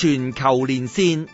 全球連線。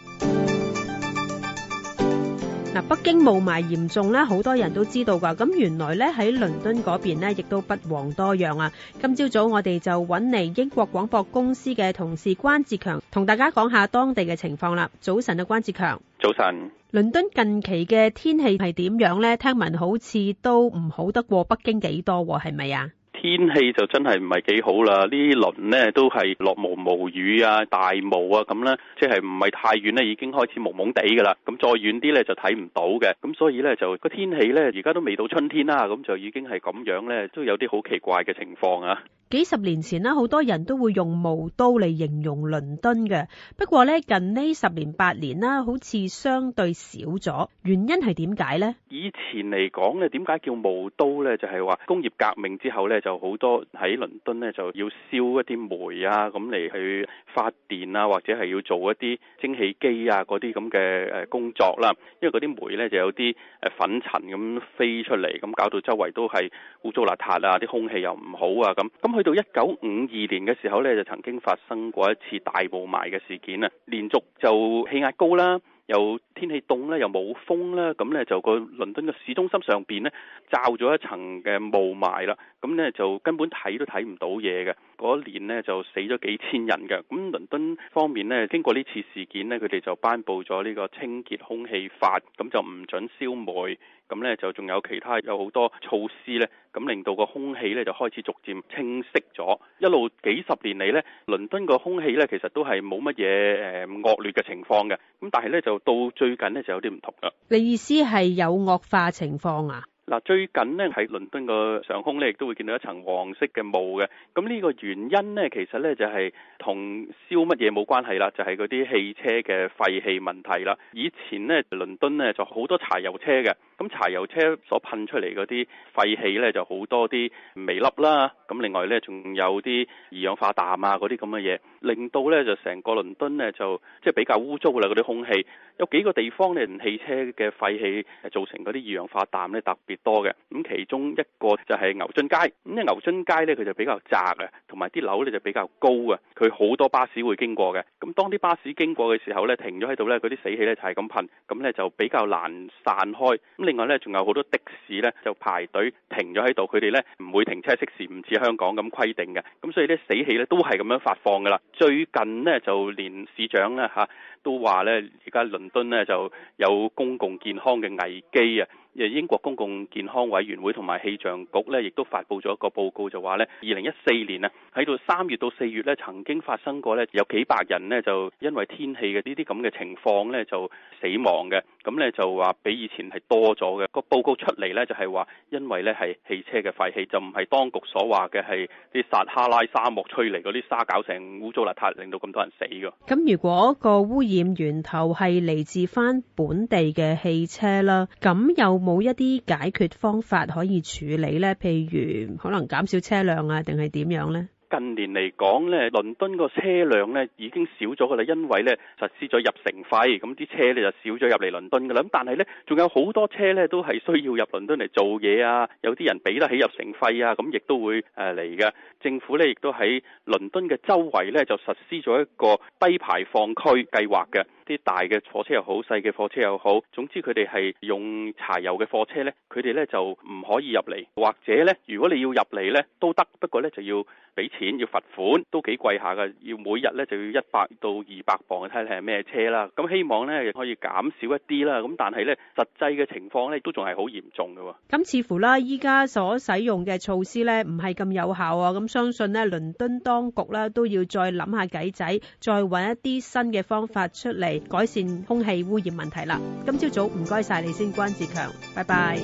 嗱，北京霧霾嚴重咧，好多人都知道噶。咁原來咧，喺倫敦嗰邊亦都不遑多讓啊。今朝早，早我哋就搵嚟英國廣播公司嘅同事關志強，同大家講下當地嘅情況啦。早晨啊，關志強。早晨。倫敦近期嘅天氣係點樣呢？聽聞好似都唔好得過北京幾多，係咪啊？天氣就真係唔係幾好啦，呢輪咧都係落毛毛雨啊、大霧啊咁咧，即係唔係太遠咧已經開始濛濛地噶啦，咁再遠啲咧就睇唔到嘅，咁所以咧就個天氣咧而家都未到春天啦，咁就已經係咁樣咧都有啲好奇怪嘅情況啊。幾十年前咧，好多人都會用霧都嚟形容倫敦嘅，不過咧近呢十年八年啦，好似相對少咗，原因係點解咧？以前嚟講咧，點解叫霧都咧？就係話工業革命之後咧就好多喺倫敦咧，就要燒一啲煤啊，咁嚟去發電啊，或者係要做一啲蒸汽機啊嗰啲咁嘅誒工作啦、啊。因為嗰啲煤咧就有啲誒粉塵咁飛出嚟，咁搞到周圍都係污糟邋遢啊，啲空氣又唔好啊咁。咁去到一九五二年嘅時候咧，就曾經發生過一次大霧霾嘅事件啊，連續就氣壓高啦。又天氣凍咧，又冇風啦。咁咧就個倫敦嘅市中心上面咧罩咗一層嘅霧霾啦，咁咧就根本睇都睇唔到嘢嘅。嗰一年咧就死咗幾千人嘅。咁倫敦方面咧，經過呢次事件咧，佢哋就頒佈咗呢個清潔空氣法，咁就唔準燒煤。咁咧就仲有其他有好多措施咧，咁令到個空氣咧就開始逐漸清晰咗。一路幾十年嚟咧，倫敦個空氣咧其實都係冇乜嘢誒惡劣嘅情況嘅。咁但係咧就到最近咧就有啲唔同嘞。你意思係有惡化情況啊？嗱，最近呢喺倫敦個上空呢，亦都會見到一層黃色嘅霧嘅。咁呢個原因呢，其實呢就係同燒乜嘢冇關係啦，就係嗰啲汽車嘅廢氣問題啦。以前呢，倫敦呢就好多柴油車嘅，咁柴油車所噴出嚟嗰啲廢氣呢，就好多啲微粒啦。咁另外呢，仲有啲二氧化氮啊嗰啲咁嘅嘢，令到呢就成個倫敦呢，就即係比較污糟啦嗰啲空氣。有幾個地方呢，汽車嘅廢氣造成嗰啲二氧化氮呢特別多、嗯、嘅，咁其中一個就係牛津街，咁、嗯、啊牛津街呢，佢就比較窄啊，同埋啲樓呢就比較高啊，佢好多巴士會經過嘅，咁、嗯、當啲巴士經過嘅時候呢，停咗喺度呢，嗰啲死氣呢就係咁噴，咁、嗯、呢就比較難散開。咁、嗯、另外呢，仲有好多的士呢就排隊停咗喺度，佢哋呢唔會停車熄匙，唔似香港咁規定嘅，咁、嗯、所以呢，死氣呢都係咁樣發放㗎喇。最近呢，就連市長呢，嚇都話呢而家倫敦呢就有公共健康嘅危機啊。英國公共健康委員會同埋氣象局咧，亦都發布咗一個報告，就話咧，二零一四年啊，喺度三月到四月咧，曾經發生過咧，有幾百人呢就因為天氣嘅呢啲咁嘅情況咧就死亡嘅。咁咧就話比以前係多咗嘅。個報告出嚟咧就係話，因為咧係汽車嘅廢氣，就唔係當局所話嘅係啲撒哈拉沙漠吹嚟嗰啲沙搞成污糟邋遢，令到咁多人死㗎。咁如果個污染源頭係嚟自翻本地嘅汽車啦，咁又？冇一啲解決方法可以處理咧，譬如可能減少車輛啊，定係點樣咧？近年嚟講咧，倫敦個車輛咧已經少咗噶啦，因為咧實施咗入城費，咁啲車咧就少咗入嚟倫敦噶啦。咁但係咧，仲有好多車咧都係需要入倫敦嚟做嘢啊，有啲人俾得起入城費啊，咁亦都會誒嚟嘅。政府咧亦都喺倫敦嘅周圍咧就實施咗一個低排放區計劃嘅，啲大嘅貨車又好，細嘅貨車又好，總之佢哋係用柴油嘅貨車咧，佢哋咧就唔可以入嚟，或者咧如果你要入嚟咧都得，不過咧就要俾錢。錢要罰款，都幾貴下噶，要每日咧就要一百到二百磅，睇睇係咩車啦。咁希望咧亦可以減少一啲啦，咁但係咧實際嘅情況咧都仲係好嚴重噶。咁似乎啦，依家所使用嘅措施咧唔係咁有效啊。咁相信咧，倫敦當局啦都要再諗下計仔，再搵一啲新嘅方法出嚟改善空氣污染問題啦。今朝早唔該晒你先，關志強，拜拜。